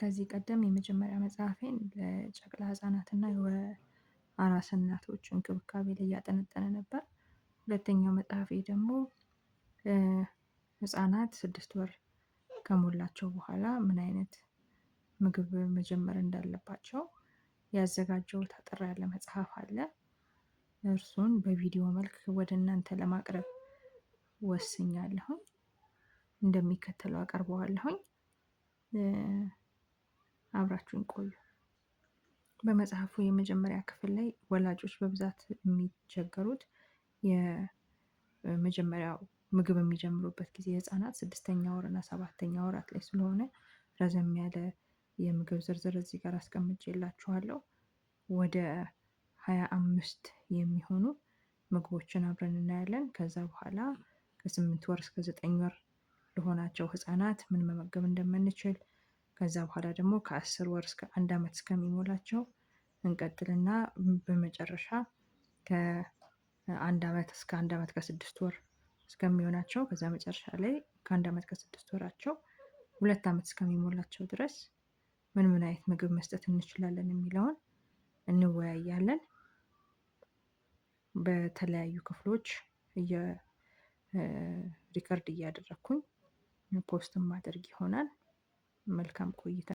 ከዚህ ቀደም የመጀመሪያ መጽሐፌን ለጨቅላ ህፃናትና የአራስ እናቶች እንክብካቤ ላይ እያጠነጠነ ነበር። ሁለተኛው መጽሐፌ ደግሞ ህፃናት ስድስት ወር ከሞላቸው በኋላ ምን አይነት ምግብ መጀመር እንዳለባቸው ያዘጋጀሁት አጠር ያለ መጽሐፍ አለ። እርሱን በቪዲዮ መልክ ወደ እናንተ ለማቅረብ ወስኛለሁኝ። እንደሚከተለው አቀርበዋለሁኝ አብራችሁን ቆዩ። በመጽሐፉ የመጀመሪያ ክፍል ላይ ወላጆች በብዛት የሚቸገሩት የመጀመሪያው ምግብ የሚጀምሩበት ጊዜ ህጻናት ስድስተኛ ወር እና ሰባተኛ ወራት ላይ ስለሆነ ረዘም ያለ የምግብ ዝርዝር እዚህ ጋር አስቀምጬላችኋለሁ። ወደ ሀያ አምስት የሚሆኑ ምግቦችን አብረን እናያለን። ከዛ በኋላ ከስምንት ወር እስከ ዘጠኝ ወር ለሆናቸው ህጻናት ምን መመገብ እንደምንችል ከዛ በኋላ ደግሞ ከአስር ወር እስከ አንድ ዓመት እስከሚሞላቸው እንቀጥልና በመጨረሻ ከአንድ ዓመት እስከ አንድ ዓመት ከስድስት ወር እስከሚሆናቸው ከዛ መጨረሻ ላይ ከአንድ ዓመት ከስድስት ወራቸው ሁለት ዓመት እስከሚሞላቸው ድረስ ምን ምን አይነት ምግብ መስጠት እንችላለን የሚለውን እንወያያለን። በተለያዩ ክፍሎች ሪከርድ እያደረግኩኝ ፖስትም ማድረግ ይሆናል። መልካም ቆይታ